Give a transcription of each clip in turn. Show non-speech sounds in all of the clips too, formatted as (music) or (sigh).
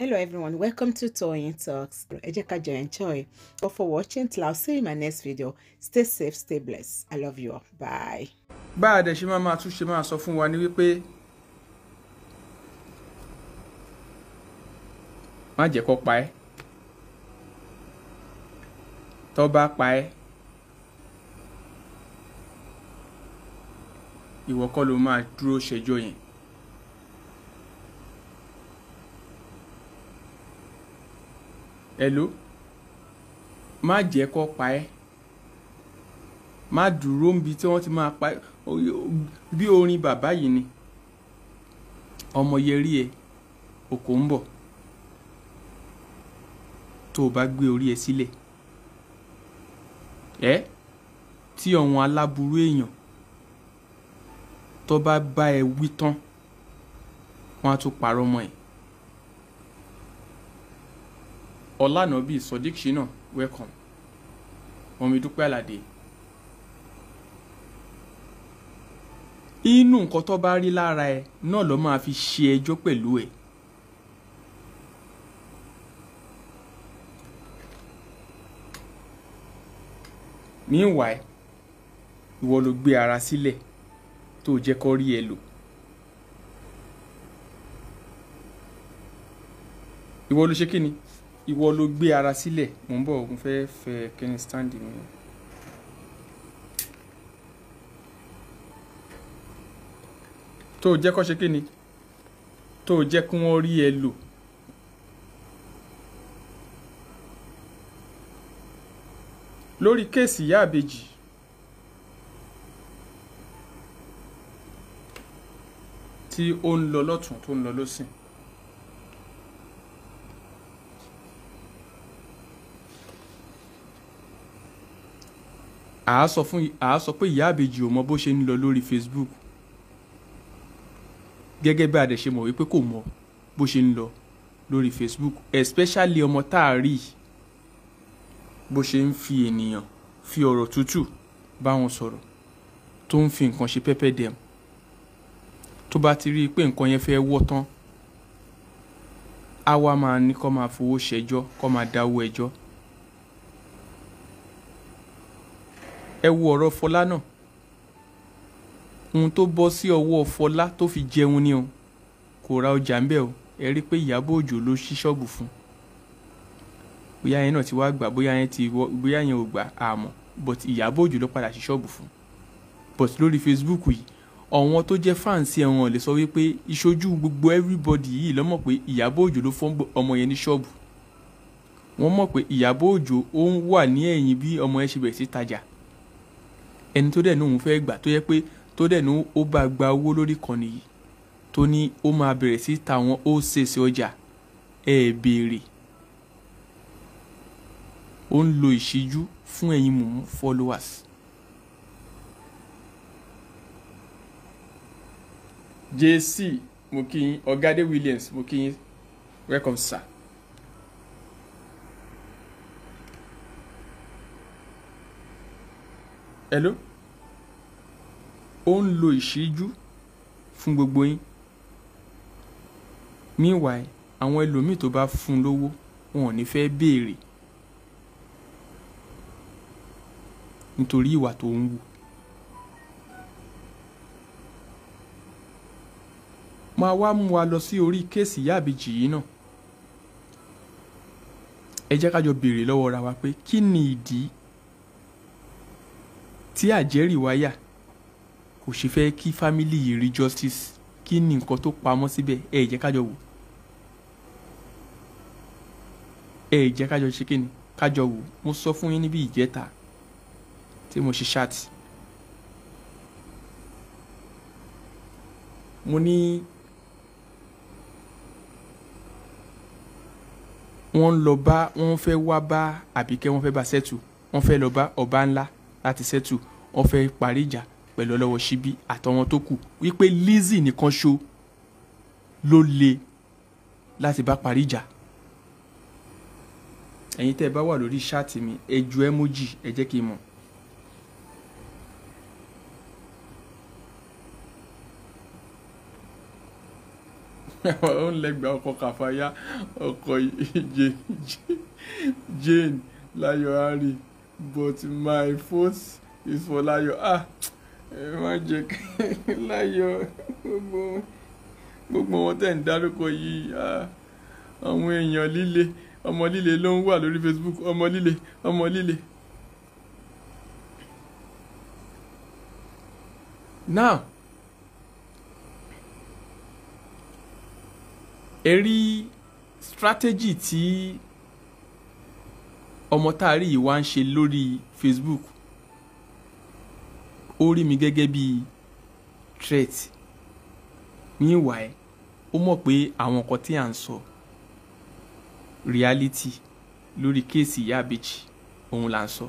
Hello everyone, welcome to Toyeen Talks. Ẹ jẹ́ ká enjoy. But for watching till I'll see you in my next video. Stay safe, stay blessed. I love you all. Bye. Bá a dẹ̀ ṣe máa máa tún ṣe máa sọ fún wa ní wípé má jẹ́ kó pa ẹ́ tó bá pa ẹ́ hello má jẹ́ kó pa ẹ́ má dúró níbi tí wọ́n ti máa pa ẹ́ bí orin bàbá yìí ni ọmọ yẹrí ẹ òkò ń bọ̀ tó o bá gbé orí ẹ sílẹ̀ ẹ tí ọ̀hún aláburú èèyàn tó bá bá ẹ wí tán wọ́n á tún parọ́ mọ́ ẹ. ọlànàbí sodiq shina welcome Omidúpẹ́ Àlàdé inú nǹkan tó bá rí lára ẹ náà ló máa fi ṣe ẹjọ́ pẹ̀lú ẹ. meanwhile ìwọ ló gbé ara sílẹ̀ tó jẹ́ kó rí ẹ lò. ìwọ ló ṣe kí ni ìwọ ló gbé ara sílẹ̀ mò ń bọ̀ mo fẹ́ fẹ́ kẹ́ni stand mi. tó o jẹ́ kó ṣe kíni tó o jẹ́ kí wọ́n rí ẹ lò. lórí kéèsì ìyá àbèjì tí ó ń lọ lọ́tún tó ń lọ lọ́sìn àá sọ fún àá sọ pé ìyá àbèjì ò mọ bó ṣe ń lọ lórí Facebook gẹ́gẹ́ bí adẹ̀ ṣe mọ̀ wípé kò mọ bó ṣe ń lọ lórí Facebook especially ọmọ tá a rí bó ṣe ń fi ènìyàn fi ọ̀rọ̀ tútù bá wọn sọ̀rọ̀ tó ń fi nǹkan ṣe pẹ́pẹ́ dẹ̀m tó bá ti rí i pé nǹkan yẹn fẹ́ wọ́ tán á wá máa ní kó máa fowó ṣẹjọ́ kó máa dáwó ẹjọ́. E ẹ wo ọ̀rọ̀ fọlá náà ohun tó bọ́ sí ọwọ́ fọlá tó fi jẹun ni o kò ra ọjà ń bẹ̀ o ẹ rí i pé ìyábọ̀ òjò ló ṣí ṣọ́ọ̀bù fún bóyá yẹn náà ti wá gbà bóyá yẹn ti bóyá yẹn ò gbà àmọ́ but ìyábọ̀ òjò ló padà ṣí ṣọ́ọ̀bù fún but lórí Facebook yìí àwọn tó jẹ́ fáǹsì ẹ̀wọ̀n lè sọ wípé ìṣojú gbogbo everybody yìí lọ́mọ̀ pé ìyábọ̀ òjò ló fọ́n ọmọ yẹn ní ṣọ́ọ̀bù wọ́n mọ̀ pé ìyábọ̀ òjò ó ń wà ní ẹ̀yìn bí ọmọ yẹn ṣe bẹ̀rẹ̀ sí tajà ẹni tó dẹ̀ ní òun fẹ́ gbà tó yẹ pé tó dẹ̀ ní ó bá gba owó lórí ìkànnì yìí tó ní ó máa bẹ̀rẹ̀ sí ta ó ṣèṣe ọjà ẹ béèrè ó ń lo ìṣíjú fún ẹ̀yin mùmú followers. JC mo kí Williams mo welcome sir. hello ó ń lo ìṣíjú fún gbogbo yín meanwhile àwọn ẹlòmíì tó bá fún un lówó wọn ò ní fẹ́ béèrè nítorí ìwà tó ń wù. máa wá mú wa lọ sí orí kéèsì ìyá àbíjì yìí náà ẹ jẹ́ ká jọ béèrè lọ́wọ́ ra wa pé kí ni ìdí tí àjẹrìwáyà kò ṣe fẹ́ kí fámìlì yìí rí justice kí ni nǹkan tó pamọ́ síbẹ̀ ẹ jẹ́ kájọ wò ẹ jẹ́ kájọ ṣe kí ni kájọ wò mo sọ fún yín níbi ìjẹta tí mo ṣe ṣáàtì mo ní wọ́n ń lọ bá wọ́n fẹ́ wá bá àbíkẹ́ wọ́n fẹ́ bá sẹ́tù wọ́n fẹ́ lọ bá ọba ńlá láti sẹ́tù wọ́n fẹ́ parí ìjà pẹ̀lú ọlọ́wọ́ síbí àtọwọn tó kù wípé Lizzy nìkan ṣo ló le láti bá parí ìjà ẹ̀yin tẹ́ ẹ bá wà lórí ṣáàtì mi ẹ ju emoji ẹ jẹ́ kí n mọ̀. (laughs) ó ń lẹ́gbẹ̀ẹ́ ọkọ̀ kàfáyà ọkọ̀ jane jane láyọ̀ harry but my force is for Layo ah magic má jẹ́ kí Layo (laughs) gbogbo gbogbo wọn tẹ̀ ń dárúkọ yìí ah, àwọn èèyàn líle ọmọ líle ló ń wà lórí Facebook ọmọ líle ọmọ líle. now ẹ rí strategy tí ọmọ táàrí yìí wá ń ṣe lórí Facebook ó rí mi gẹ́gẹ́ bí threat meanwhile ó mọ̀ pé àwọn nǹkan tí à ń sọ reality lórí kéèsì ìyá àbèjì òun là ń sọ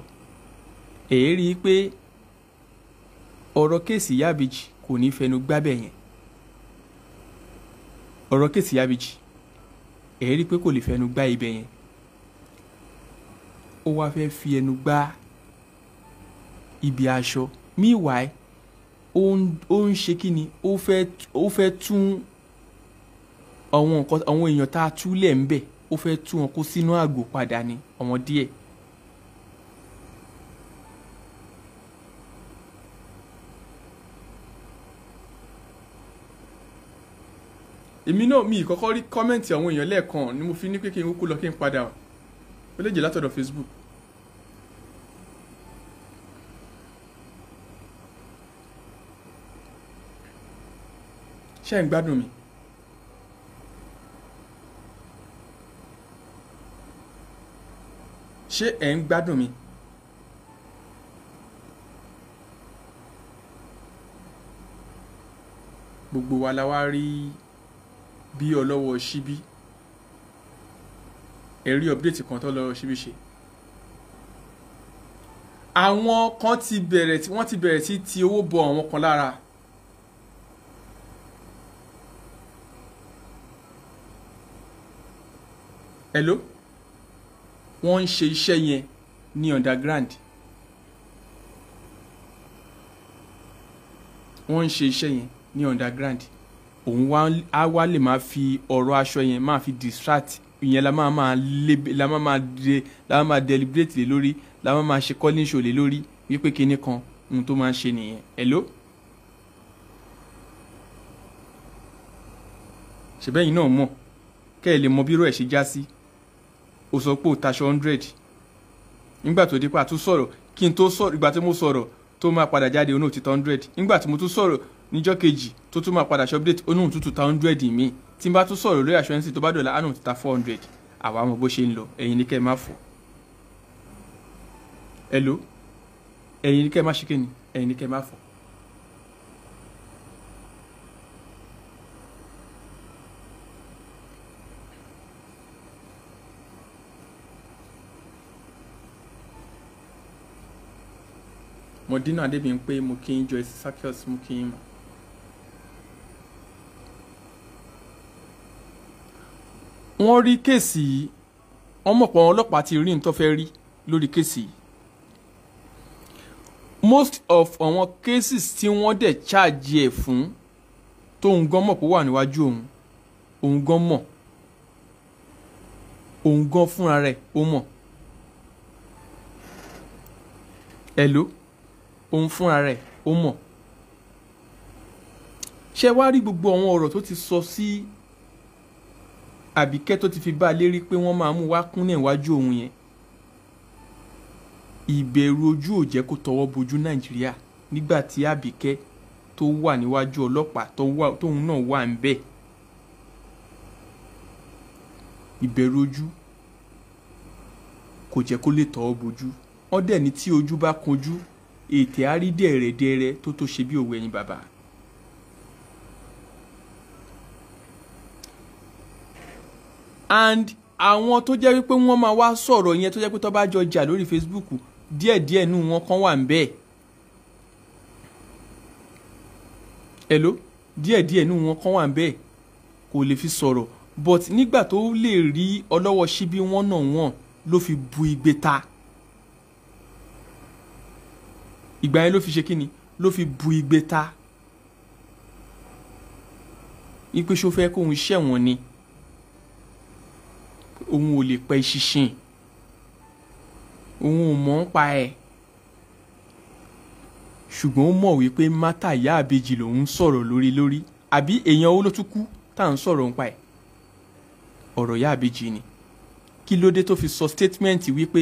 èyí rí i pé ọ̀rọ̀ kéèsì ìyá àbèjì kò ní fẹnu gbábẹ̀ yẹn ọ̀rọ̀ kéèsì ìyá àbèjì èyí rí i pé kò lè fẹnu gbá ibẹ̀ yẹn ó wá fẹ́ fi ẹnu gbá ibi aṣọ meanwhile ó ń ṣe kí ni ó fẹ́ tún àwọn nǹkan àwọn èèyàn tá a túlẹ̀ ń bẹ̀ ó fẹ́ tún wọn kó sínú àgò padà ni àwọn díẹ̀. èmi náà mi ìkọ́kọ́ rí kọ́mẹ́ǹtì àwọn èèyàn lẹ́ẹ̀kan ni mo fi ní pé kí n kúkú lọ kí n padà o méjèèjì látọ̀dọ̀ Facebook ṣé ń gbádùn mi. ṣé ẹ̀ ń gbádùn mi. gbogbo wa la wá rí bí ọlọ́wọ́ ṣíbí ẹ̀rí update kan tó lọ ṣíbíṣe àwọn kan ti bẹ̀rẹ̀ tí wọ́n ti bẹ̀rẹ̀ sí ti owó bọ àwọn kan lára hello wọ́n ń ṣe iṣẹ́ yẹn ní underground wọ́n ń ṣe iṣẹ́ yẹn ní underground òun á wá lè máa fi ọ̀rọ̀ aṣọ yẹn máa fi distract ìyẹn la máa máa lebe la máa máa de la máa máa deliberate lé lórí la máa máa ṣe calling show lé lórí wípé kinní kan ohun tó máa ń ṣe nìyẹn hello. ṣèbẹ́yìn náà mọ̀ kẹ́ ẹ lè mọ bírò ẹ̀ ṣe já sí o sọ pé o taṣọ hundred nígbà tó dípa tó sọ̀rọ̀ kí n tó sọ̀rọ̀ ìgbà tí mo sọ̀rọ̀ tó máa padà jáde onú òtítọ́ hundred nígbà tí mo tún sọ̀rọ̀ níjọ́ kejì tó tún máa padà ṣe update onú òtútù ta hundred mi tí n bá tún sọ̀rọ̀ lórí assurance tó bá dọ̀la àánú ti ta four hundred àwa mọ̀ bó ṣe ń lọ ẹ̀yin ni kẹ́ ẹ má fò hello ẹ̀yin ni kẹ́ ẹ má ṣe kéni ẹ̀yin ni kẹ́ ẹ má fò. Modina Adébíyí ń pé mo kí ń Joyce Sakios mo kí ń mọ̀. wọ́n rí kéèsì wọ́n mọ̀ pọ̀ ọlọ́pàá ti rí nítorí fẹ́ rí lórí kéèsì most of àwọn cases tí wọ́n dẹ̀ charge ẹ̀ fún tóun gan mọ̀ pé wà níwájú òun òun gan mọ̀ òun gan fúnra rẹ̀ ó mọ̀ ẹ̀ló òun fúnra rẹ̀ ó mọ̀ ṣé wàá rí gbogbo àwọn ọ̀rọ̀ tó ti sọ sí. Si àbíkẹ́ tó ti fi bá a lérí pé wọ́n máa mú wá kúnlẹ̀ iwájú òun yẹn ìbẹ̀rù ojú ò jẹ́ kó tọwọ́ bojú nàìjíríà nígbà tí àbíkẹ́ tó wà níwájú ọlọ́pàá tóun náà wà ń bẹ̀ ìbẹ̀rù ojú kò jẹ́ kó lè tọwọ́ bojú wọ́n dẹ̀ ní tí ojú bá kanjú ètè àrídẹ̀ẹ̀rẹ̀dẹ̀ẹ̀rẹ̀ tó tó ṣe bí òwe ẹ̀yìn bàbá and àwọn tó jẹ́ wípé wọ́n máa wá sọ̀rọ̀ yẹn tó jẹ́ pé tó bá jọ jà lórí Facebook díẹ̀díẹ̀ nù wọn kan wà ń bẹ́ẹ̀ hello díẹ̀díẹ̀ nù wọn kan wà ń bẹ́ẹ̀ kò lè fi sọ̀rọ̀ but nígbà tó lè rí ọlọ́wọ́ síbí wọn náà wọn ló fi bu igbe ta ìgbà yẹn ló fi ṣe kíni ló fi bu igbe ta ipe ṣó fẹ́ kóun ṣẹ̀wọ̀n ni òun ò lè pẹ ṣinṣin òun ò mọ̀ ń pa ẹ̀ ṣùgbọ́n ó mọ̀ wípé mátà ìyá àbejì lòun sọ̀rọ̀ lórí lórí àbí èèyàn owó ló tún kú tá à ń sọ̀rọ̀ ń pa ẹ̀ ọ̀rọ̀ ìyá àbejì ni kí ló dé tó fi sọ statement wípé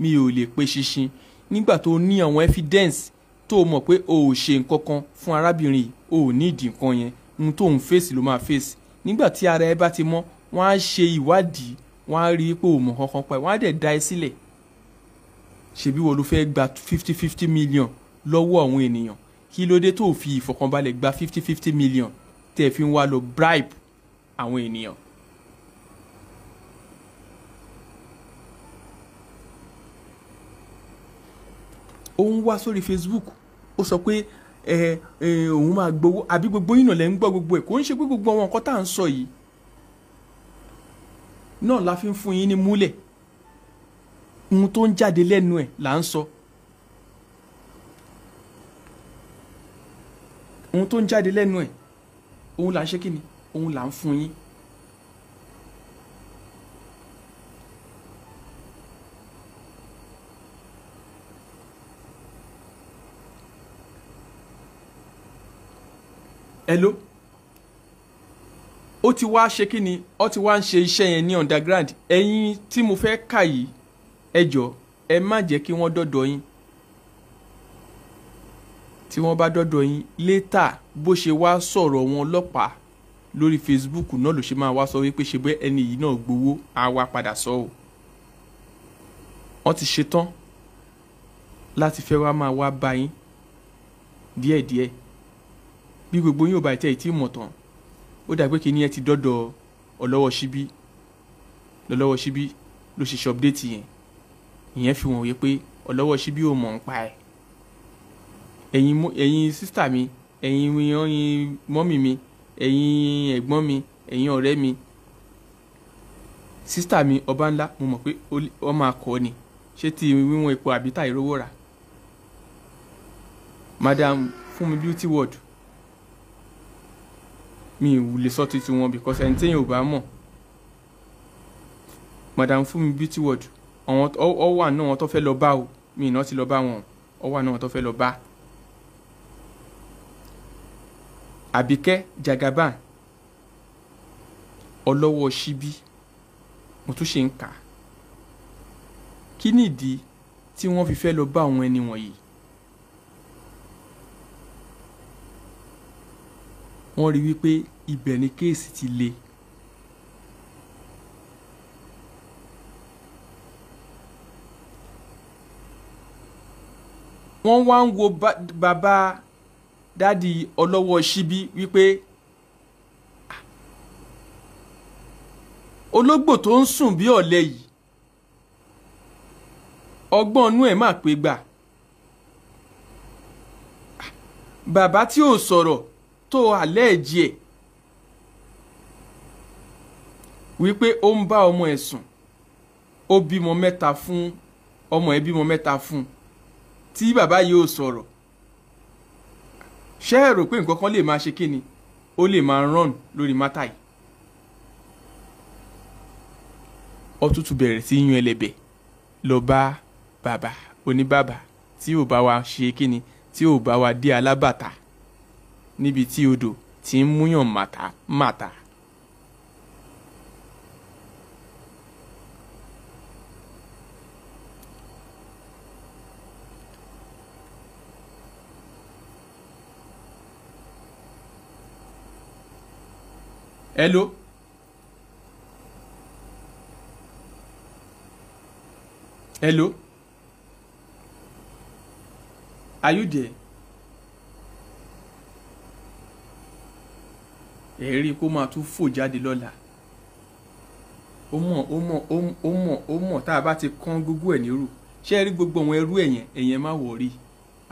mi ò lè pe ṣinṣin nígbà tó ní àwọn evidence tó mọ̀ pé o ò ṣe nǹkan kan fún arábìnrin yìí o ò ní ìdí nǹkan yẹn ohun tó ń fèsì ló máa fèsì nígbà tí ara ẹ bá ti mọ́ wọ́n á ṣe ìwádìí wọ́n á rí pé òmò kankan pa ẹ̀ wọ́n á dẹ̀ da ẹ sílẹ̀ ṣebí wo ló fẹ́ gba fifty fifty million lọ́wọ́ àwọn ènìyàn kí ló dé tó fi ìfọ̀kànbalẹ̀ gba fifty fifty million tẹ̀ fi wá lọ bribe àwọn ènìyàn. ó ń wá sórí Facebook ó sọ pé òun máa gbowó àbí gbogbo yìnyín lẹ́ ń gbọ́ gbogbo ẹ̀ kò ń ṣe pé gbogbo àwọn nǹkan tá à ń sọ yìí náà la fi ń fún yín ní múlẹ̀ ohun tó ń jáde lẹ́nu ẹ̀ là ń sọ ohun tó ń jáde lẹ́nu ẹ̀ ohun là ń ṣe kí ni ohun là ń fún yín. Hello ó ti wá ṣe kí ni ó ti wá ń ṣe iṣẹ́ yẹn ní underground ẹ̀yin tí mo fẹ́ kà yìí ẹ jọ̀ọ́ ẹ má jẹ́ kí wọ́n dọ́dọ̀ yín tí wọ́n bá dọ́dọ̀ yín létà bó ṣe wá sọ̀rọ̀ wọn ọlọ́pàá lórí Facebook náà ló ṣe máa wá sọ wípé ṣe bẹ́ ẹni yìí náà gbowó á wá padà sọ ọ́ wọ́n ti ṣetán láti fẹ́ wá máa wá bá yín díẹ̀díẹ̀ bí gbogbo yín ò bá tẹ̀ ẹ̀ tí mọ̀ tán ó dàgbé kìíní ẹ ti dọ́dọ̀ ọlọ́wọ́ síbí lọ́lọ́wọ́ síbí ló ṣe ṣọ́pdéètì yẹn ìyẹn fi wọ̀n wí pé ọlọ́wọ́ síbí ò mọ̀ ń pa ẹ̀ ẹ̀yin ẹ̀yin sísítà mi ẹ̀yin ẹ̀yin mọ́mì mi ẹ̀yin ẹ̀gbọ́n mi ẹ̀yin ọ̀rẹ́ mi sísítà mi ọba ńlá mo mọ̀ pé wọ́n máa kọ́ ni ṣé ti wíwọ̀n epo àbí tàìrówó rà madam fún mi beauty world mi ì wulẹ̀ sọ́ọ́ títí wọn because ẹni téèyàn ò bá mọ̀ madam Fúnmi Beauty World àwọn ọwà náà wọn tó fẹ́ lọ bá o mi ì náà ti lọ bá wọn ọwà náà wọn tó fẹ́ lọ bá. Àbíkẹ́ Jagaban ọlọ́wọ́ ṣíbí mo tún ṣe ń kà á kí nìdí tí wọ́n fi fẹ́ lọ bá àwọn ẹni wọ̀nyí wọ́n rí wípé ibẹ̀ ni kéèsì ti le wọ́n wá ń wo bàbá dádì ọlọ́wọ́ síbí wípé ológbò tó ń sùn bí ọ̀lẹ yìí ọgbọ́n inú ẹ̀ máa pé gbà bàbá tí ò sọ̀rọ̀ tó àlẹ́ẹ̀jì ẹ̀ wípé ó ń bá ọmọ ẹ̀ sùn ó bímọ mẹ́ta fún ọmọ ẹ̀ bímọ mẹ́ta fún tí bàbá yìí ò sọ̀rọ̀ ṣé ẹ rò pé nǹkan kan lè máa ṣe kíni ó lè máa rán lórí mátà yìí ọtútù bẹ̀rẹ̀ sí yún ẹlẹ́bẹ̀ lọ bá bàbá oníbàbà tí ò bá wa ṣe kíni tí ò bá wa dé alábàtà níbi tí odò ti ń múyàn màtàmátà. Hello. Hello. Are you there? èérí kó máa tún fò jáde lọ́la ó mọ̀ ó mọ̀ ó mọ̀ ó mọ̀ tá a bá ti kán gógó ẹ̀ nírú ṣé ẹ rí gbogbo àwọn ẹrú ẹ̀yẹn ẹ̀yẹn má wọ̀ rí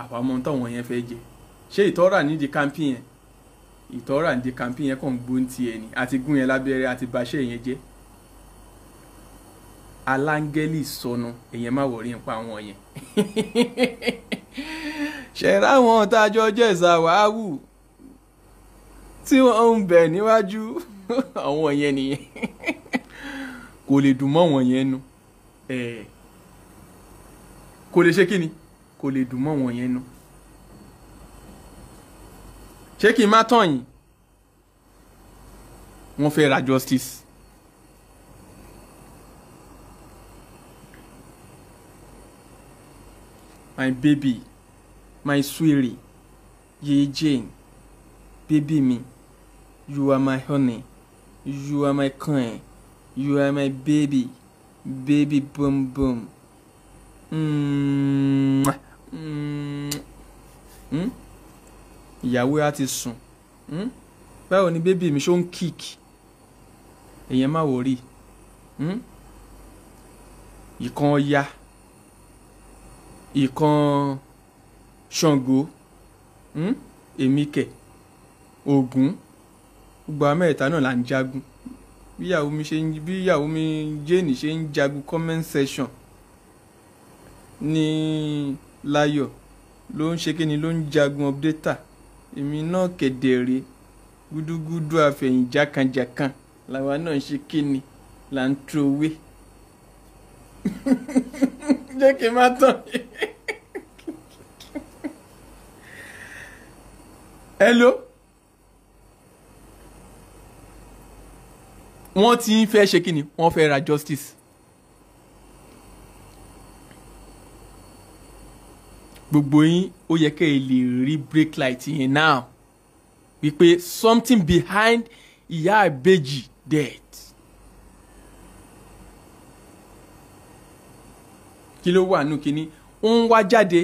àwa mọ táwọn yẹn fẹ́ jẹ ṣé ìtọ́ra nídìí kámpì yẹn ìtọ́ra nídìí kámpì yẹn kàn ń gbó ti ẹ̀ ní àti gún yẹn lábẹ́rẹ́ àti bàṣẹ́ yẹn jẹ́ alángẹ́lì sọnù ẹ̀yẹn má wọ̀ nípa àwọn yẹn (laughs) ṣẹ̀ráwọn tájọ jẹ́ ìsàwáwù tí wọ́n ń bẹ̀ níwájú (laughs) àwọn yẹn nìyẹn kò lè dùn mọ́ wọn yẹn nu kò lè ṣe kí ni kò lè dùn mọ́ wọn yẹn nu ṣé kí n má tàn yín wọ́n fẹ́ ra justice. my baby my sweetie yeye jane baby me. You are my honey. You are my queen. You are my baby. Baby boom boom. Hmm? Ìyàwó á ti sùn. Hmm? Báwo ni bébì mi ṣó ń kick? Èèyàn má wò rí. Hmm? Ìkan Ọya. Ìkan Ṣàngó. Èmi kẹ̀. Ògún gbogbo àwọn mẹ́ta náà là ń jagun bí mi ṣe ń bí mi jane ṣe ń jagun comment section ní láyọ̀ ló ń ṣe kíni ló ń jagun updater èmi náà kedere gúdúgúdú àfẹ̀yìnjákanjàkan làwa náà ń ṣe kíni là ń trowé (laughs) jẹ́ kí n má tán (laughs) hello. wọ́n ti ń fẹ́ ṣe kíni wọ́n fẹ́ ra justice. gbogbo yín ó yẹ kẹ́ ẹ lè rí break light yẹn now wípé something behind ìyá ìbejì dead. kí ló wà nù kíní ó ń wá jáde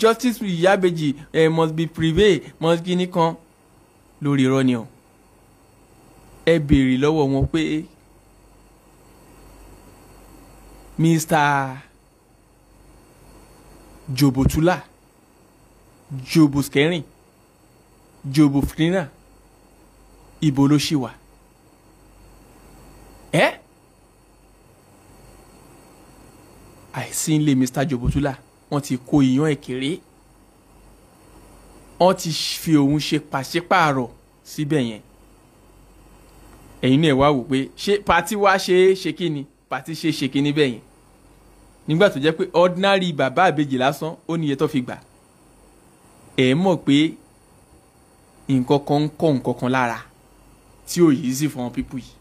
justice ìyá ìbejì must be prevail must kíní kan lórí irọ́ o ẹ béèrè lọ́wọ́ wọn pé Mr. Jobotula Joboskerin Jobofrina ibo ló ṣì wà ẹ àìsí ilé Mr. Jobotula wọ́n ti kó iyán èkéré wọ́n ti fi òun ṣe pàṣípààrọ̀ síbẹ̀ yẹn ẹ̀yin náà wá wò pé ṣé pati wá ṣe é ṣe kí ni pati ṣe é ṣe kí ni bẹ́ẹ̀ yẹn nígbà tó jẹ́ pé ordinary bàbá àbejì lásán ó níye tó fi gbà ẹ̀ mọ̀ pé nǹkan kan ń kọ́ nǹkan kan lára tí ò yìí sí fún pípù yìí.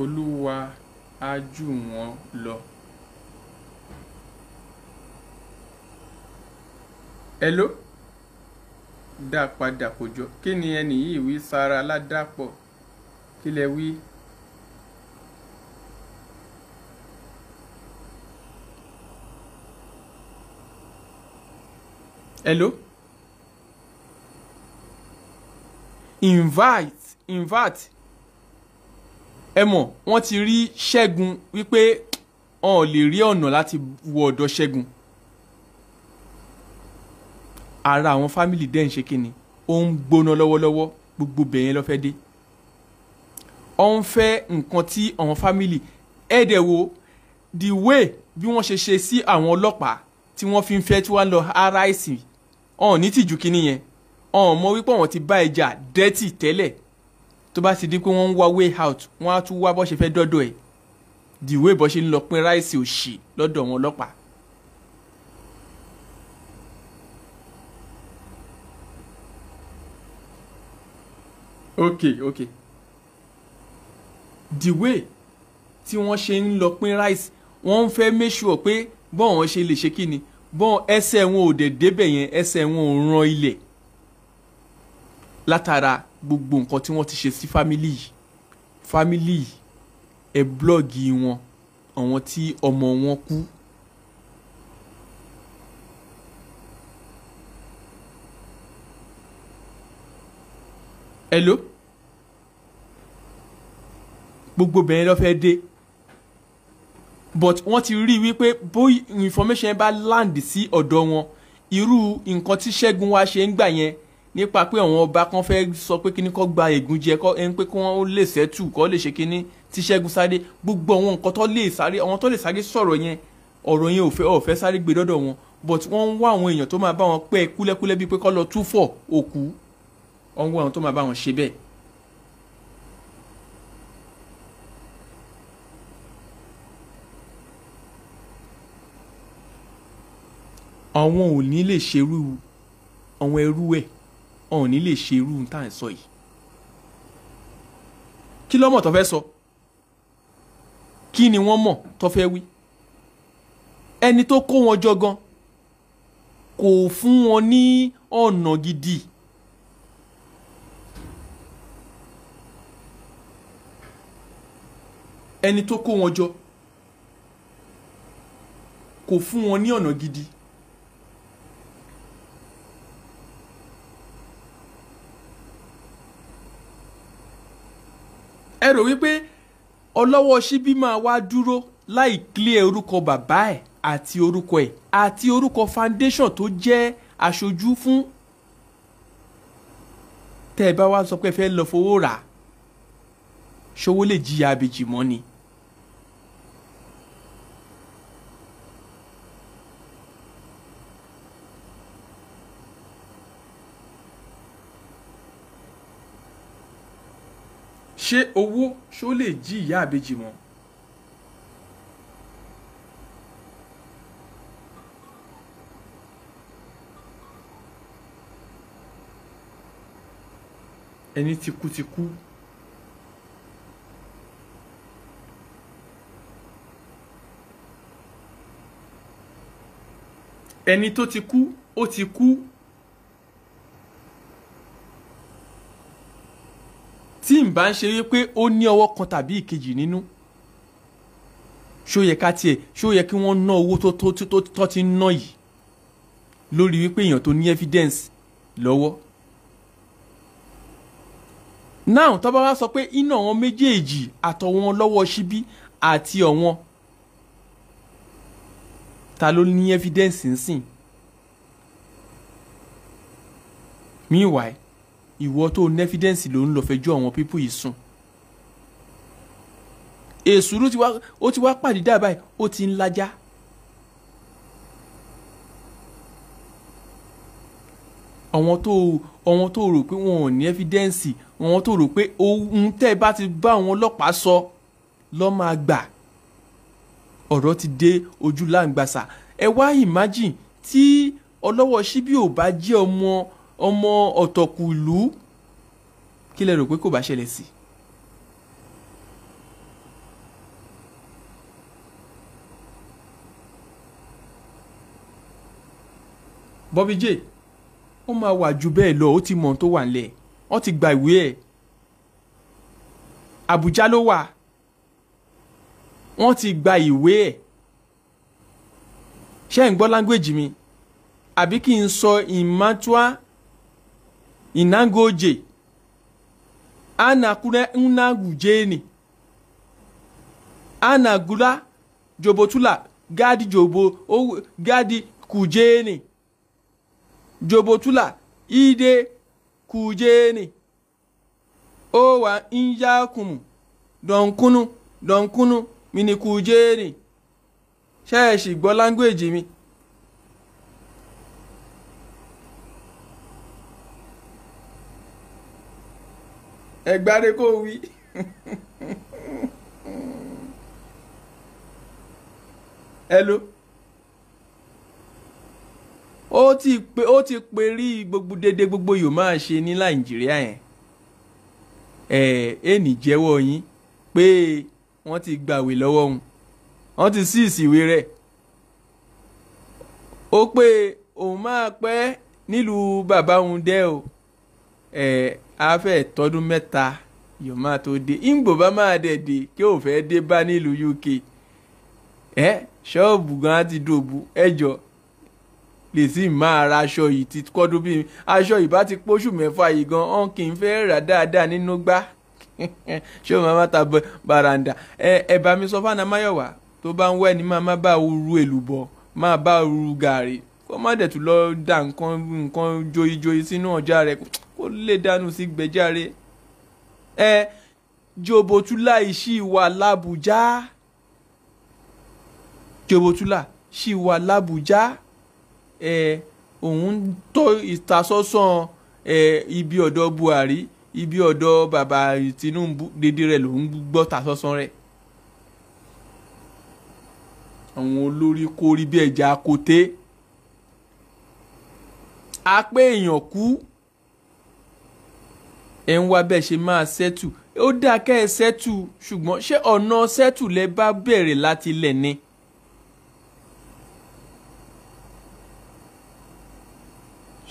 olúwa á jù wọ́n lọ. hello dá padà kò jọ kí ni ẹnì yìí wí sára ládàpọ̀ kí lẹ wí. hello invite invite ẹ mọ̀ wọ́n ti rí ṣẹ́gun wípé wọn ò lè rí ọ̀nà láti wọ ọ̀dọ̀ ṣẹ́gun ara àwọn fámìlì dẹ́n ṣe kí ni ó ń gbóná lọ́wọ́lọ́wọ́ gbogbo bẹ̀yẹn lọ́fẹ́ dé ọ ń fẹ́ nǹkan tí àwọn fámìlì ẹ̀ẹ́dẹ̀ wo the way bí wọ́n ṣe ṣe sí àwọn ọlọ́pàá tí wọ́n fi ń fẹ́ tí wọ́n lọ ara ẹ̀sìn ọ̀n ní tìjú kínní yẹn ọ̀n mọ̀ wípé wọ́n ti bá ẹja dẹ́tì tẹ́lẹ̀ tó bá ti di pé wọ́n ń wá way out wọ́n á tún wá bọ́ ṣe fẹ́ dọ́dọ̀ ẹ̀ dìwé bọ́ ṣe ń lọ pín ráìsì òṣì lọ́dọ̀ wọn ọlọ́pàá. okay okay the way tí wọ́n ṣe ń lọ pín ráìsì wọ́n ń fẹ́ make sure pé bọ́ọ̀n ṣe lè ṣe kí ni bọ́ọ̀n ẹsẹ̀ wọn ò dẹ̀ débẹ̀ yẹn ẹsẹ̀ wọn ò ran ilẹ̀ látara gbogbo nǹkan tí wọ́n ti ṣe sí fámílì yìí fámílì yìí ẹ blọ́ọ̀gì wọn àwọn tí ọmọ wọn kú. hello gbogbo bẹ̀rẹ̀ lọ fẹ́ dé but wọ́n ti rí i wípé bóyá information bá land sí ọ̀dọ̀ wọn irú nǹkan tí Ṣẹ́gun wa ṣe ń gbà yẹn nípa pé àwọn ọba kan fẹ́ sọ pé kíní kọ́ gba ègúnjẹ kọ́ ẹni pé kí wọ́n lè sẹ́tù kọ́ lè ṣe kíní tí Ṣẹ́gun Sáré gbogbo àwọn nǹkan tó lè sáré àwọn tó lè sáré sọ̀rọ̀ yẹn ọ̀rọ̀ yẹn ò fẹ́ ọ̀fẹ́ sáré gbé dọ́dọ̀ wọn but wọ́n ń wá àwọn èèyàn tó máa bá wọn pẹ́ kúlẹ́kúlẹ́ bíi pé kọ́ lọ túfọ̀ òkú wọ́n ń wá àwọn tó máa bá wọn ṣe bẹ́ẹ̀. àwọn ò ní lè ṣerú àwọn ẹrú ẹ̀ ọ̀hún ní lè ṣe irú tá à ń sọ yìí kí lọ́mọ̀ tó fẹ́ sọ kí ni wọ́n mọ̀ tó fẹ́ wí ẹni tó kó wọn jọ gan kò fún wọn ní ọ̀nà gidi. ẹni tó kó wọn jọ kò fún wọn ní ọ̀nà gidi ẹ rò wípé ọlọ́wọ́ ṣíbí máa wá dúró láì clear orúkọ bàbá ẹ̀ àti orúkọ ẹ̀ àti orúkọ foundation tó jẹ́ aṣojú fún tẹ́ ẹ bá wá sọ pé ẹ fẹ́ lọ fowó rà ṣowó lè jìyà abèjì mọ́ ni. ṣé owó ṣó lè jí ìyá àbejì mọ́ ẹni tí kú ti kú ẹni tó ti kú ó ti kú. ìbá ń ṣe wípé ó ní ọwọ́ kan tàbí ìkejì nínú ṣó yẹ ká tiẹ̀ ṣó yẹ kí wọ́n ná owó tó tó tó tó ti ń ná yìí lórí wípé èèyàn tó ní evidence lọ́wọ́ now tọ́ba wa sọ pé iná àwọn méjèèjì àtọ̀wọn lọ́wọ́ síbí àti ọ̀wọ́n ta ló ní evidence nsìn meanwhile ìwọ tó ní evidence ló ń lọ fẹjọ́ àwọn pípù yìí sùn èsùrú ó ti wá pàdé dábàá yìí ó ti ń lajá. àwọn tó àwọn tó rò pé wọn ò ní evidence àwọn tó rò pé ohun tẹ́ ẹ bá ti bá àwọn ọlọ́pàá sọ lọ́ máa gbà ọ̀rọ̀ ti dé ojú láǹgbàsà ẹ wá imagine tí ọlọ́wọ́ síbí ò bá jẹ́ ọmọ ọmọ ọ̀tọ̀kùlú kí lẹ rò pé kò bá ṣẹlẹ̀ sí. Bobby J ó máa wà jù bẹ́ẹ̀ lọ ó ti mọ̀ tó wà ńlẹ̀ wọ́n ti gba ìwé ẹ̀ Àbújá ló wà wọ́n ti gba ìwé ẹ̀ ṣé ń gbọ́ láńgbèjì mi àbí kí n sọ ìmọ̀túá inagoje anakure nnagujeni anagula jobotula gadi jobo o gadi kujeni jobotula ide kujeni o wa injakum donkunu donkunu mini kujeni ṣe é ṣì gbọ́ language mi. ẹgbàre kò wí. hello ó ti pe ó ti pe rí gbogbo dédé gbogbo yóò máa ṣe ní nàìjíríà yẹn ẹ ẹnì jẹ́wọ́ yín pé wọ́n ti gbàwé lọ́wọ́ òun wọ́n ti sí ìsìwé rẹ̀ ó pé òun máa pẹ́ nílùú bàbá òun dẹ́ o ẹ̀ afẹ́ ìtọ́dún mẹ́ta yóò máa tó dé ìgbò bá máa dẹ̀ dé kí ò fẹ́ dé bá nílùú UK ẹ ṣọ́ọ̀bù gan ti dòbu ẹjọ́ lè sì máa ra aṣọ yìí ti kọ́dún bí aṣọ yìí bá ti póṣù mẹ́fà yìí gan ọ̀n kì í fẹ́ rà dáadáa nínú gbá (laughs) ṣé màmá ta baranda ẹ ẹ bá mi sọ fún Anamáyọ̀wá tó bá ń wẹ̀ ní màmá bá ru èlùbọ́ máa bá ru gàrí kó má dẹ̀ tún lọ da nǹkan nǹkan joyijoyi sínú ọjà rẹ̀ kù kó lè dànù sí gbẹ̀járe ẹ jòbótúlà ìṣì wà lábùjá jòbótúlà ṣì wà lábùjá ẹ òun tó ìtasọ́sàn ẹ ibi ọ̀dọ̀ Buhari ibi ọ̀dọ̀ bàbá Tinubu dédé rẹ̀ lòún gbọ́ tasọ́sàn rẹ̀ àwọn olórí kórí bí ẹja akoté a pé èèyàn kú ẹ̀ ń wá bẹ́ẹ̀ ṣe máa ṣẹ́tù ó dáa kẹ́ ẹ ṣẹ́tù ṣùgbọ́n ṣé ọ̀nà ṣẹ́tù lẹ bá bẹ̀rẹ̀ láti lẹ̀ ni.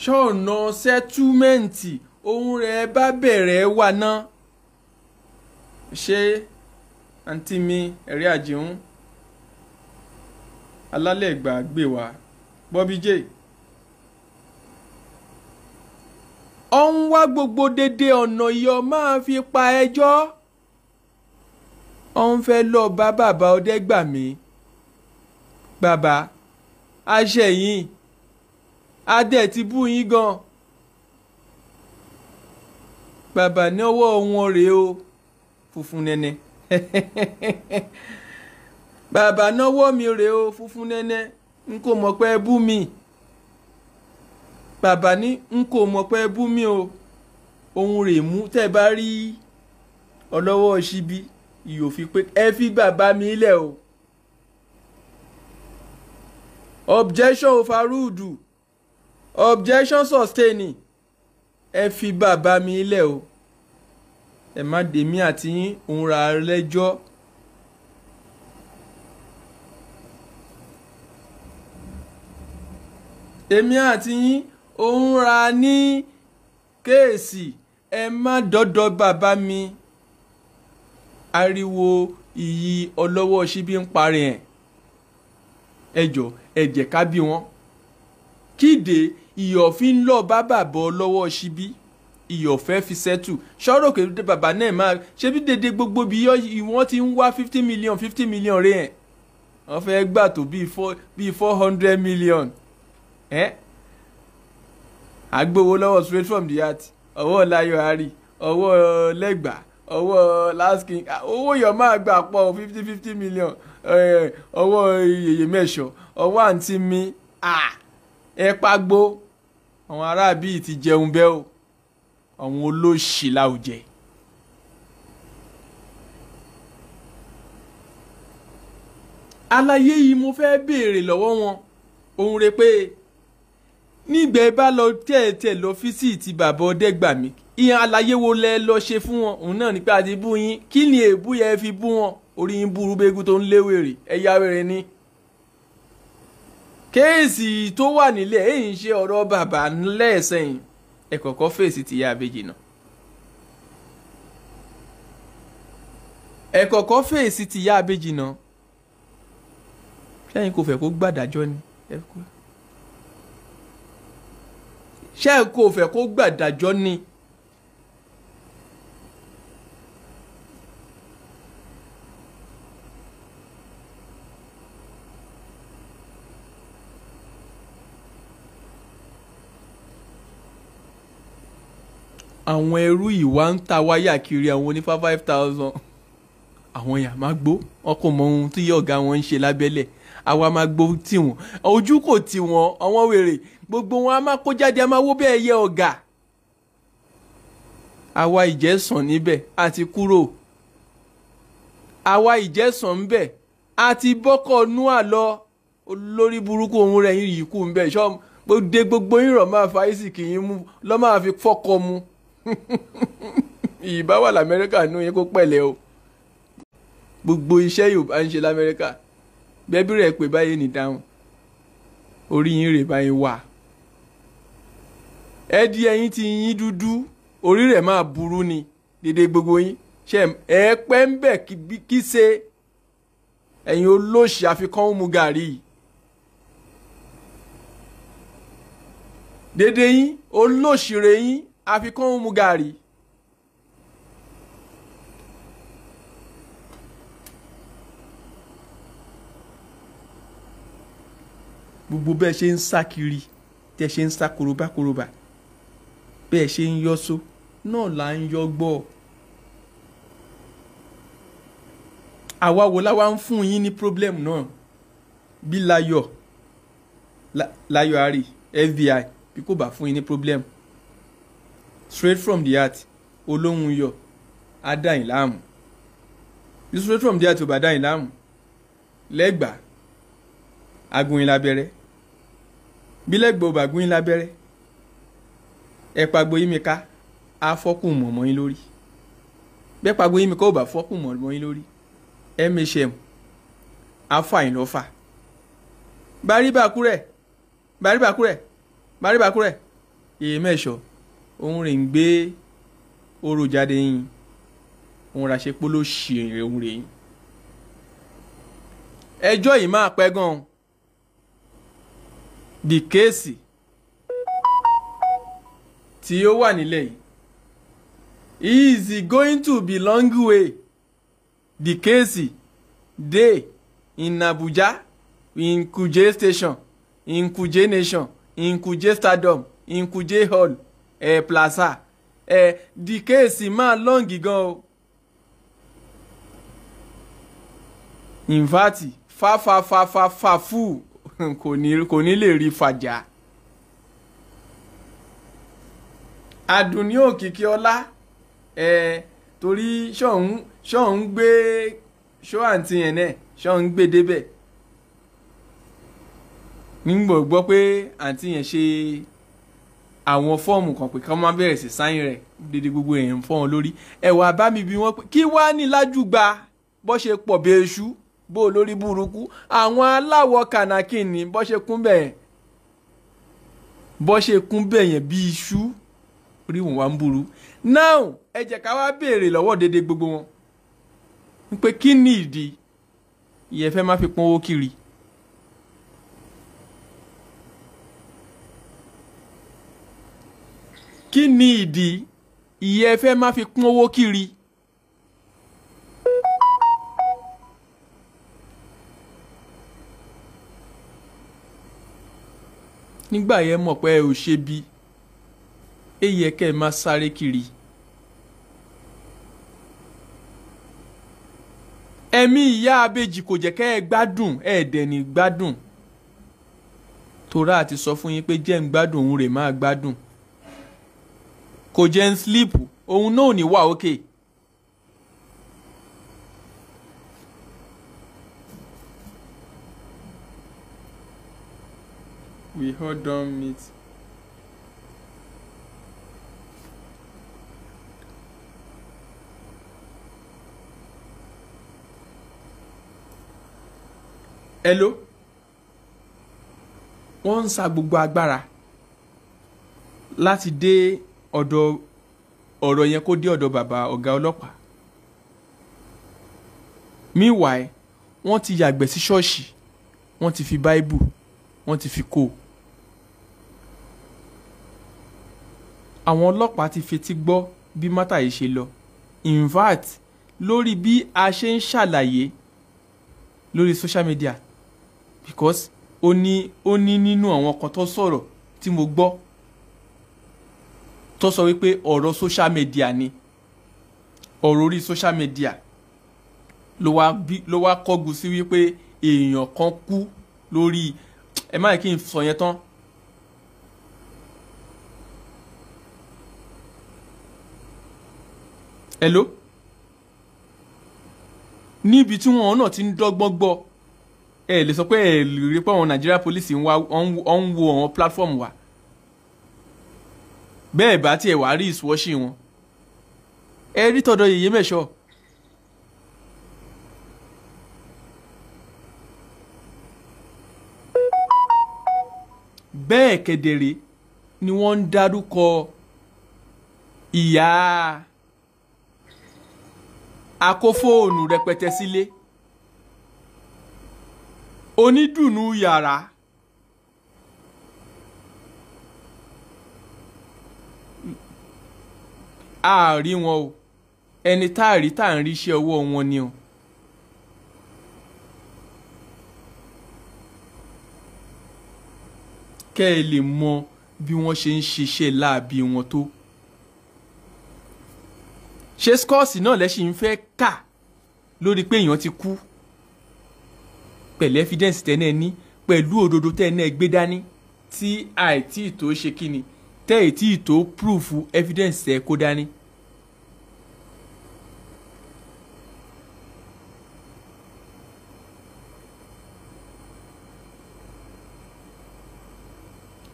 ṣọ̀nà sẹ́túmẹ̀ǹtì ohun rẹ̀ bá bẹ̀rẹ̀ wà náà. ṣé àǹtí mi ẹ̀rí àjẹun alálẹ̀ ìgbà gbé wa Bobby J. ọ ń wá gbogbo dédé ọ̀nà yọ máa fi pa ẹjọ́ ọ ń fẹ́ lọ bá bàbá Ọdẹ́gbàmí bàbá aṣẹ̀yìn adẹ̀ ti bú yín gan bàbá ní ọwọ́ wọn rèé o funfun nẹ́nẹ́ (laughs) bàbá náwó mi rèé o funfun nẹ́nẹ́ n kò mọ̀ pé ẹ bú mi bàbá ní n kò mọ̀ pé bú mi o ohun rè mú tẹ́ bá rí ọlọ́wọ́ ṣíbí ìyò fi pé ẹ fi bàbá mi lẹ̀ o. objection overruled objection sustaining ẹ fi bàbá mi lẹ̀ o ẹ má dèmí àti òun ra lẹ́jọ́. èmi àti yín ó ń ra ní kéèsì ẹ má dọ́dọ̀ bàbá mi ariwo ìyí ọlọ́wọ́ ṣíbí ń parí ẹ̀ ẹjọ́ ẹ̀jẹ̀ ká bí wọn kíde ìyọ̀fín ń lọ bá bàbá ọlọ́wọ́ ṣíbí ìyọ̀fẹ́ fi sẹ́tù ṣọ́rọ̀ kò dé bàbá náà máa ṣe bí dédé gbogbo bí wọ́n ti ń wá fifty million fifty million rẹ̀ ẹ̀ wọ́n fẹ́ gbà tó bíi four hundred million. Eh? àgbowó lọ́wọ́ straight from the heart ọwọ́ Láyọ̀ Ari ọwọ́ Lẹ́gbàá ọwọ́ laskin owó yọ máa gbà pọ̀ fifty fifty million ọwọ́ yèyè mẹ́sọ̀ ọwọ́ àǹtí mi ẹ pàgbó àwọn aráàbí ti jẹun bẹ́ẹ̀ o àwọn olóṣì láwùjẹ. àlàyé yìí mo fẹ́ béèrè lọ́wọ́ wọn òun rè pé nígbà ẹ bá lọ tẹ̀ẹ̀tẹ̀ lọ́fíìsì ti bàbá ọdẹ́gbàmí ìyẹn àlàyé wo lẹ lọ ṣe fún wọn òun náà nípa àti bú yín kí ni èébú yẹn fi bú wọn orí yín burú bẹ́gù tó ń léwèrè ẹ̀yà wèrè ni. kéèsì tó wà nílẹ̀ èyí ń ṣe ọ̀rọ̀ bàbá lẹ́ẹ̀sẹ̀yìn ẹ kọ́kọ́ fèsì tìyá àbèjì náà. ẹ kọ́kọ́ fèsì tìyá àbèjì náà. sẹ́yìn kò fẹ́ kó gbàdájọ́ ni. ẹ kọ́ ṣé ẹ kò fẹ́ kó gbàdájọ́ ni. àwọn ẹrú ìwà ń ta wáyà kiri àwọn onífá five thousand àwọn yàrá má gbó wọn kò mọ ohun tí ọ̀gá wọn ń ṣe lábẹ́lẹ̀ àwa máa gbó tì wọ́n ojú kò tì wọ́n àwọn wèrè gbogbo wọn a máa kó jáde a máa wó bẹ́ẹ̀ yẹ ọ̀gà àwa ìjẹ́sàn níbẹ̀ a ti kúrò àwa ìjẹ́sàn níbẹ̀ a ti bọ́kọ̀ núà lọ olórí burúkú òun rẹ̀ yìí kú níbẹ̀ ṣọ́ de gbogbo yín rọ̀ máa fa ìsìnkì yín mú lọ́ máa fi fọ́kọ mu (laughs) ìyìnbá wà lamẹ́ríkà nú yín kó pẹ̀lẹ́ o gbogbo iṣẹ́ Yorùbá ń ṣe lamẹ́ríkà bẹ́bí rẹ̀ pé báyìí ní dáhùn orí yín rè báyìí wà ẹ di ẹyin ti yín dúdú orí rẹ̀ máa burú ni dédé gbogbo yín ṣe ẹ pẹ́ ń bẹ̀ kí ṣe ẹ̀yin olóṣì àfikún mu gàrí yìí. dédé yín olóṣèré yín àfikún mu gàrí. gbogbo bẹ́ẹ̀ ṣe ń sá kiri tẹ́ ṣe ń sá korobákorobá bẹ́ẹ̀ ṣe ń yọ́só náà là ń yọ́ gbọ́ àwa wo láwa ń fún yín ní problem náà bí Láyọ̀ Láyọ̀ Ari FBI bí kò bá fún yín ní problem straight from the heart olóhùn yọ á dà láàmú bí straight from the heart ò bá dà láàmú lẹ́gbàá agun yín bílẹ̀gbọ̀ bàgún yín lábẹ́rẹ́ ẹ pagbo yín mi ká á fọ́kùn mọ̀ mọ́ yín lórí bẹ́ẹ̀ pagbo yín mi ká ò bá fọ́kùn mọ̀ mọ́ yín lórí mhm á fà yín lọ́fà bàríbàkúrẹ̀ bàríbàkúrẹ̀ bàríbàkúrẹ̀ èyí mẹ́sọ̀ òun rè ń gbé orò jáde yín òun ra ṣe pé ṣe òun rè yín ẹjọ́ yìí máa pẹ́ gan-an the case tí ó wà nílẹ̀ yìí is going to be long way the case dey in Abuja in Kuje station in Kuje nation in Kuje stadium in Kuje hall eh, plaza eh, the case máa long gan o. in fact fa fa fa fa fa fu (laughs) kò ní lè rí fàjà. Àdùnní Òkìkí Ọlá ẹ torí ṣọ́ọ̀ ń gbé ṣó àǹtí yẹn náà ṣọ́ọ̀ ń gbé débẹ̀ nígbà gbọ́ pé àǹtí yẹn ṣe àwọn fọ́ọ̀mù kan pé kán má bẹ̀rẹ̀ sí sáyìn rẹ̀ dédé gbogbo èèyàn ń lórí ẹ̀wà bá mi bí wọ́n pé kí wàá ní lájú gba bó ṣe pọ̀ bẹ́ẹ̀ ṣú bó lórí burúkú àwọn aláwọ̀ kànákì ni bó ṣe kún bẹ́ẹ̀ bó ṣe kún bẹ́ẹ̀ yẹn bí iṣu orí wọn wá ń burú now ẹ jẹ́ ká wá béèrè lọ́wọ́ dédé gbogbo wọn ń pé kí ni ìdí ìyẹn fẹ́ má fi pọ́n kiri. kí ni ìdí ìyẹn fẹ́ má fi pọ́n kiri. nígbà yẹn mọ̀ pé ẹ ò ṣe bí ẹ yẹ kẹ́ ẹ máa sáré kiri. ẹ̀mí ìyá abẹ́jì kò jẹ́ kẹ́ ẹ gbádùn ẹ dẹ̀ ní gbádùn torá àti sọ fún yín pé jẹ́ ń gbádùn òun rè máa gbádùn kò jẹ́ ń sílíìpù òun náà ò ní wà ókè. Okay we all don meet hello wọ́n ń sa gbogbo agbára láti dé ọ̀dọ̀ ọ̀rọ̀ yẹn kó dé ọ̀dọ̀ bàbá ọ̀gá ọlọ́pàá meanwhile wọ́n ti yàgbẹ́ sí ṣọ́ọ̀ṣì wọ́n ti fi báíbù wọ́n ti fi kó o. àwọn ọlọ́pàá ti fetí gbọ́ bí mátà ṣe lọ in fact lórí bí a ṣe ń ṣàlàyé lórí social media because ó ní ó ní nínú àwọn kan tó sọ̀rọ̀ tí mo gbọ́ tó sọ wípé ọ̀rọ̀ social media ni ọ̀rọ̀ orí social media ló wá bí ló wá kọ́gun sí wípé èèyàn kan kú lórí ẹ má kí n sọ yẹn tán hello níbi tí wọn náà ti ń dọ́gbọ́n gbọ́ ẹ lè sọ pé ẹ lè rí pé àwọn Nigeria police ń wo àwọn platform wa bẹ́ẹ̀ bá tiẹ̀ wá rí ìsúwọ́sí wọn ẹ rí tọ̀dọ̀ yèyé mẹ́sọ̀ọ́. bẹ́ẹ̀ kedere ni wọ́n ń dárúkọ ìyá a kó fóònù rẹpẹtẹ sílé onídùnnú yàrá a rí wọn o ẹni tá a rí tá à ń rí iṣẹ́ ọwọ́ wọn ni o. kẹ́ ẹ lè mọ bí wọ́n ṣe ń ṣiṣẹ́ láabi wọn tó ṣé skọ́ọ̀sì náà lẹ́sìn ń fẹ́ kà lórí pé èèyàn ti kú pẹ̀lú evidence tẹ́nẹ̀ ní pẹ̀lú òdodo tẹ́nẹ̀ gbé dání tí àìtí ìtò ṣe kíni tẹ́ ìtí ìtò proof evidence ẹ̀ kó dání.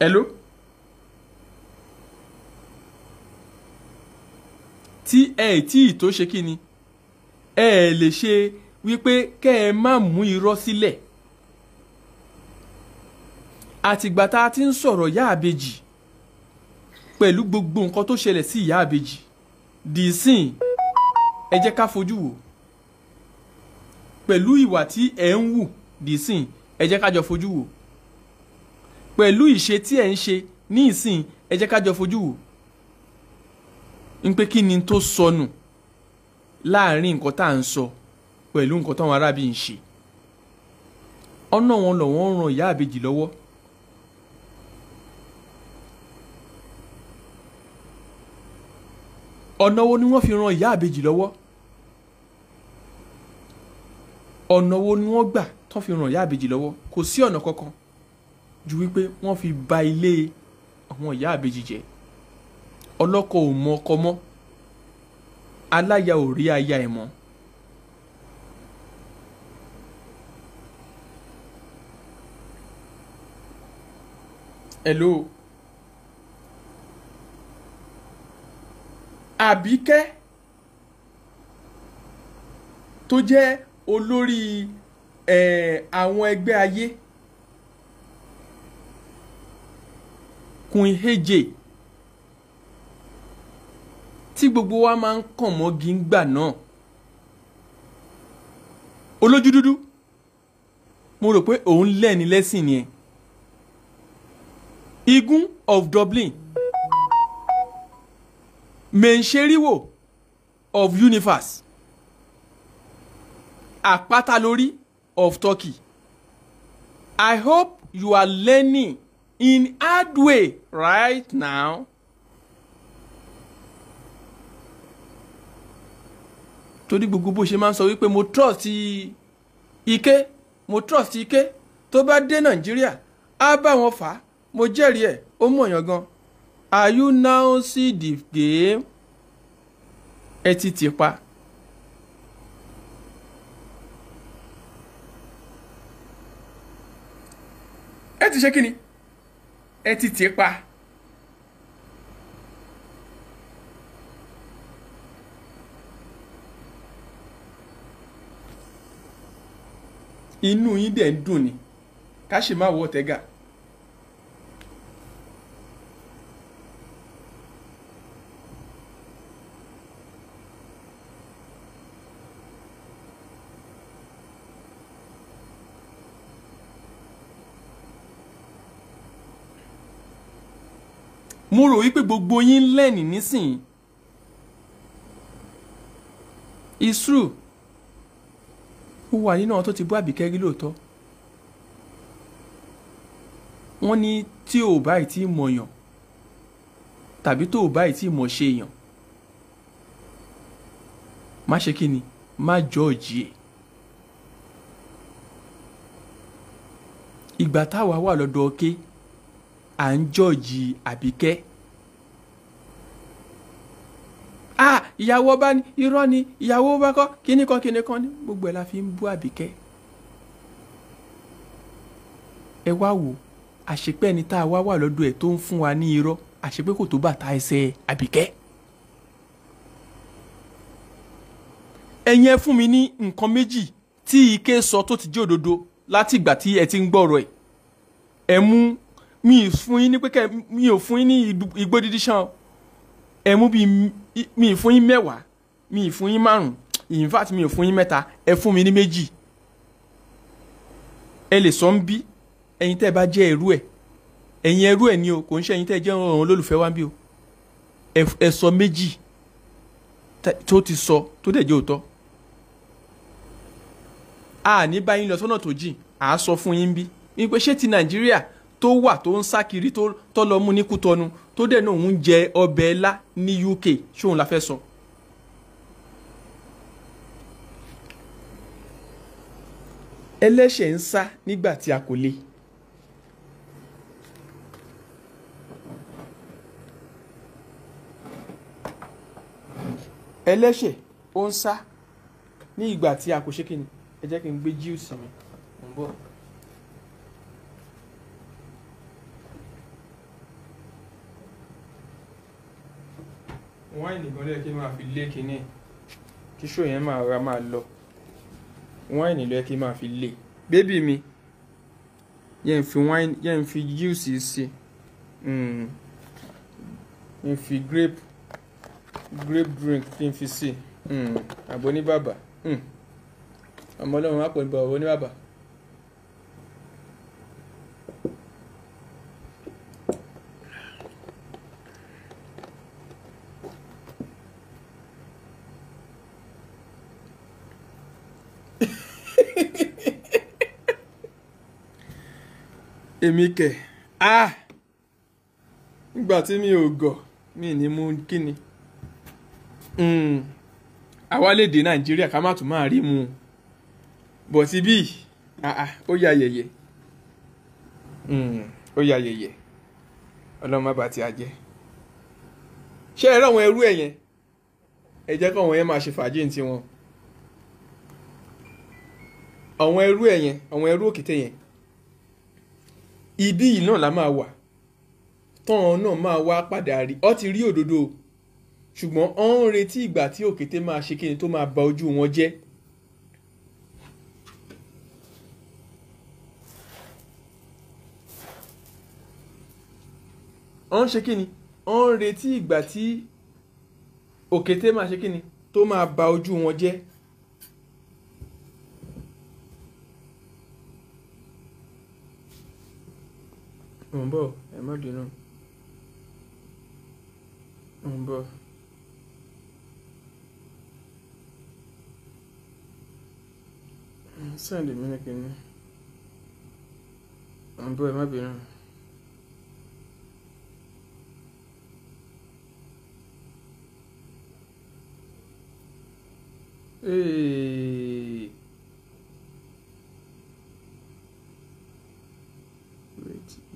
Hello? tí ẹ tí ì tó ṣe kíni ẹ lè ṣe wípé kẹ́ ẹ má mú irọ́ sílẹ̀ àtìgbà tá a ti ń sọ̀rọ̀ yá àbejì pẹ̀lú gbogbo nǹkan tó ṣẹlẹ̀ sí ìyá àbejì dìísìn ẹ jẹ́ ká fojú wò pẹ̀lú ìwà tí ẹ ń wù dìísìn ẹ jẹ́ ká jọ fojú wò pẹ̀lú ìṣe tí ẹ ń ṣe ní ìsìn ẹ jẹ́ ká jọ fojú wò ń pé kí ni tó sọnù láàrin nǹkan tá à ń sọ pẹ̀lú nǹkan táwọn arábí ń ṣe ọ̀nà wọn lọ́wọ́ ń ran ìyá àbejì lọ́wọ́ ọ̀nà wo ni wọ́n fi ran ìyá àbejì lọ́wọ́ ọ̀nà ni wọ́n gbà tó fi ran ìyá àbejì lọ́wọ́ kò sí ọ̀nà kankan ju wípé wọ́n fi ba ilé àwọn ìyá àbejì jẹ́ ọlọ́kọ ò mọ ọkọ mọ́ aláya ò rí aya ẹ̀ mọ́. hello àbíkẹ́ tó jẹ́ olórí ẹ̀ àwọn ẹgbẹ́ ayé Queen Heje tí gbogbo wa máa ń kàn mọ́gi ńgbà náà olójú dúdú mo rò pé òun lẹ́ni lẹ́sìn ni ẹ igun of Dublin mẹ́ńṣẹ́ríwò of universe àpáta lórí of Turkey I hope you are learning in hard way right now. torí gbogbo bó ṣe máa ń sọ wípé mo trust ike mo trust ike tó bá dé nàìjíríà á bá wọn fà á mo jẹ́rìí ẹ̀ ó mọ̀yàn gan are you now see the game ẹ ti tì pa. ẹ ti ṣe kí ni ẹ ti tì pa. inú yín dẹ̀ ń dùn ni ká ṣe má wọ tẹ́gà. mo rò wípé gbogbo yín lẹ́nìí nísìnyí. it's true ó wà nínú àwọn tó ti bú àbíkẹ́ rí lóòótọ́ wọ́n ní tí ò báyìí tí mọ̀yàn tàbí tó ò báyìí tí mọ̀ ṣe èèyàn má ṣe kí ni má jọ́ọ̀jì ẹ̀ ìgbà táwa wà lọ́dọ̀ ọ̀kẹ́ à ń jọ́ọ̀jì àbíkẹ́ ah ìyàwó ọba ni irọ́ ni ìyàwó ọba kọ́ kíní kan kíní kan ní gbogbo ẹ̀ la fi ń bú àbíkẹ́ ẹ wá wò àṣepẹ́ ẹni tá a wá wà lọ́dọ̀ ẹ̀ tó ń fún wa ní irọ́ àṣepẹ́ kò tó bàtà ẹsẹ̀ àbíkẹ́ ẹ̀yin ẹ fún mi ní nǹkan méjì tí ike sọ tó ti jẹ́ òdodo láti ìgbà tí ẹ ti ń gbọ́rọ̀ ẹ̀ ẹ mú mi ò fún yín ní pé kẹ́ ẹ mú bíi mi ì fún yín mẹ́wàá mi ì fún yín márùn in fact mi ò fún yín mẹ́ta ẹ fún mi ní méjì ẹ lè sọ ń bí ẹ̀yin tẹ́ bá jẹ́ ẹrú ẹ̀ ẹ̀yin ẹrú ẹ̀ ni o kò ń ṣe ẹ̀yin tẹ́ jẹ́ ọ̀ràn olólùfẹ́ wa ń bí o ẹ sọ méjì tó ti sọ tó dẹ̀ jẹ́ òótọ́ a ní bá yín lọ sọ́nà tó jìn à á sọ fún yín bí wípé ṣé ti Nàìjíríà tó wà tó ń sá kiri tó lọ mú ní Kútọnu tó dẹ̀ náà ń jẹ ọbẹ̀ ẹlá ní UK ṣóun la fẹ́ sọ. ẹlẹ́ṣẹ̀ ń sá nígbà tí a kò le. ẹlẹ́ṣẹ̀ ó ń sá ní ìgbà tí a kò ṣe kí ni ẹ jẹ́ kí n gbé jíùsì mi ń wáìnì gan ló yẹ kí n máa fi lé kinní kí ṣó yẹn máa ra máa lọ wáìnì ló yẹ kí n máa fi lé bébì mi yẹn fi wáìnì yẹn fi júùsì sí hmm. yẹn fi grape grape drink kí n fi sí hmm. àbọ̀ ní bàbà hmm. àmọ́ ọlọ́run á pè ní bàbá oníbàbà. èmi kẹ̀ á ah! nígbà tí mi ò gọ̀ mi ní mú kíni hmm. àwa lè nàìjíríà ká má tún máa rí mu bọ̀ sí bíi ah, ah, ó yà yẹ̀yẹ̀ hmm, ó yà yẹ̀yẹ̀ ọlọ́run má bàtí ajẹ́ ṣé ẹ ráwọn ẹrú ẹ̀ yẹn ẹ jẹ́ kọ́ àwọn yẹn máa ṣe fàájì tiwọn àwọn ẹrú ẹ̀ yẹn àwọn ẹrú òkìtẹ́ yẹn ibi yìí náà la máa wà tọ́hún náà máa wá padà rí ọ ti rí òdodo ṣùgbọ́n ọ ń retí ìgbà tí òkété máa ṣe kíni tó máa ba ojú wọn jẹ́ ọ ń ṣe kíni ọ ń retí ìgbà tí òkété máa ṣe kíni tó máa ba ojú wọn jẹ́ Mò ń bọ̀, ẹ má bínú. Mò ń bọ̀. Send mi ní kíni. Mò ń bọ̀, ẹ má bínú.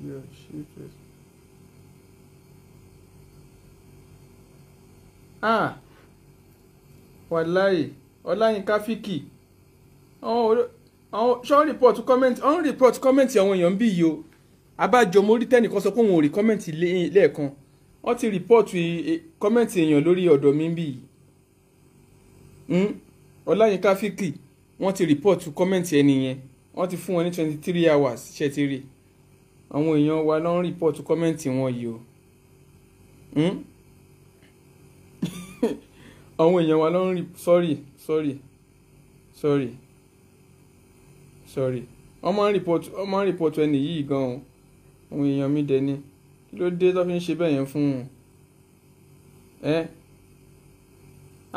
Yeah, she ah wàláì ọláyínká fíkì ṣọ́n rìpọ̀tù kọ́mẹ́ntì ọ̀n rìpọ̀tù kọ́mẹ́ntì àwọn èèyàn ń bí yìí o abájọ mo rí tẹ́nìkan sọ pé òun ò rí kọ́mẹ́ntì lẹ́ẹ̀kan wọ́n ti rìpọ̀tù kọ́mẹ́ntì èèyàn lórí ọ̀dọ̀ mi ń bí yìí hmm? ọláyínká fíkì wọ́n ti rìpọ̀tù kọ́mẹ́ntì ẹni yẹn wọ́n ti fún wọn ní twenty three hours ṣe ti rí i àwọn èèyàn wa ló ń rìpọ́ọ̀tù kọ́mẹ́ǹtì wọn yìí o hmm? (laughs) àwọn èèyàn wa ló ń rìp sorry sorry sorry sorry wọ́n máa ń rìpọ́ọ̀tù wọ́n máa ń rìpọ́ọ̀tù ẹni yìí gan-an àwọn èèyàn mi dẹ̀ ni kí ló dé tó fi ń ṣe bẹ́ẹ̀ yẹn fún un ẹ́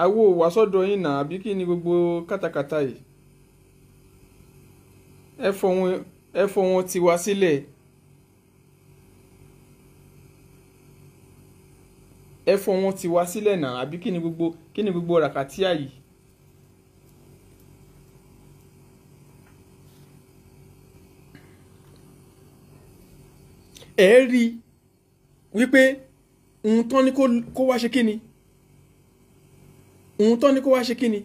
àwo wá sọ́dọ̀ yín nà àbí kí ni gbogbo kátàkátà yìí ẹ fọ wọn tiwa sílẹ̀. Si ẹ fọ wọn ti wá sílẹ̀ náà àbí kí ni gbogbo kí ni gbogbo ràkàtíà yìí. ẹ rí i wípé ohun tán ni kó wá ṣe kí ni ohun tán ni kó wá ṣe kí ni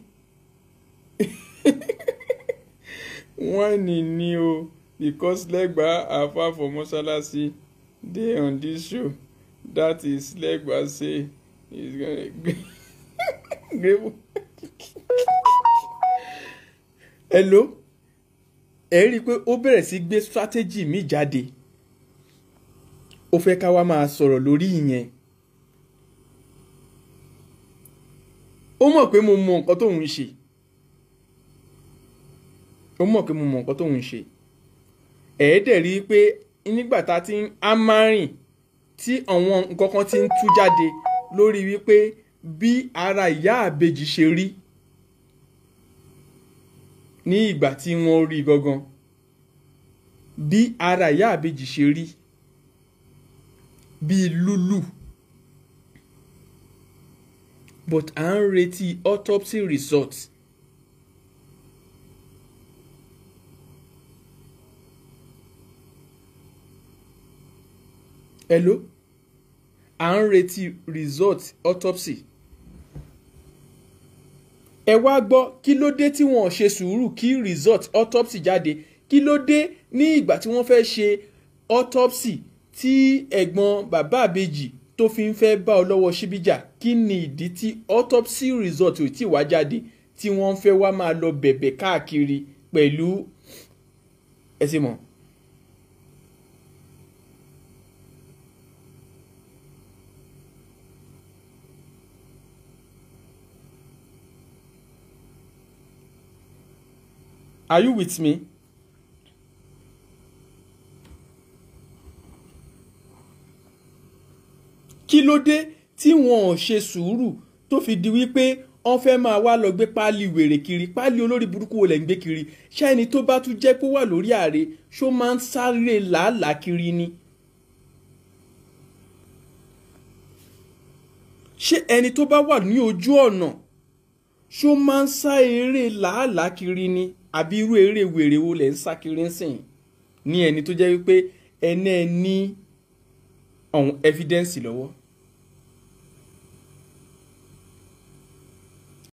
(laughs) ní ní o because lẹ́gbàá àáfàá for mọ́ṣáláṣí dey on this show that is leg was say he's gonna (laughs) grave hello ẹ rí i pé ó bẹ̀rẹ̀ sí gbé strategy mi jáde ó fẹ́ ká wá máa sọ̀rọ̀ lórí ìyẹn ó mọ̀ pé mo mọ nǹkan tóun ń ṣe ó mọ̀ pé mo mọ nǹkan tóun ń ṣe ẹ̀ẹ́dẹ̀ rí i pé nígbà tá a ti ń amárìn tí àwọn nǹkan kan ti ń tú jáde lórí wípé bí ara ìyá àbejì ṣe rí ní ìgbà tí wọ́n rí gangan bí ara ìyá àbejì ṣe rí bíi lúlù but à ń retí autopsy results hello à ń retí result autopsy ẹ wá gbọ́ kí ló dé tí wọ́n ṣe sùúrù kí result autopsy jáde kí ló dé ní ìgbà tí wọ́n fẹ́ ṣe autopsy tí ẹ̀gbọ́n bàbá àbejì tó fi ń fẹ́ bá ọ lọ́wọ́ síbíjà kí ni ìdí tí autopsy result ò tí wá jáde tí wọ́n ń fẹ́ wá máa lọ bẹ̀bẹ̀ káàkiri pẹ̀lú ẹ̀sìn mọ́ Are you with me? Kí ló dé tí wọn ò ṣe sùúrù tó fi di wípé wọ́n fẹ́ máa wá lọ gbé páálí wèrè kiri páálí olórí burúkú olè ń gbé kiri ṣé ẹni tó bá tún jẹ́ pé wà lórí ààrẹ ṣó máa ń sáré làálàá kiri ni. ṣé ẹni tó bá wà ní ojú ọ̀nà ṣó máa ń sá làálàá kiri ni àbí irú eré wèrè wo lẹ̀ ń sá kiri ń sìn ní ẹni tó jẹ́ wípé ẹni ní ọ̀hún um, evidence lọ́wọ́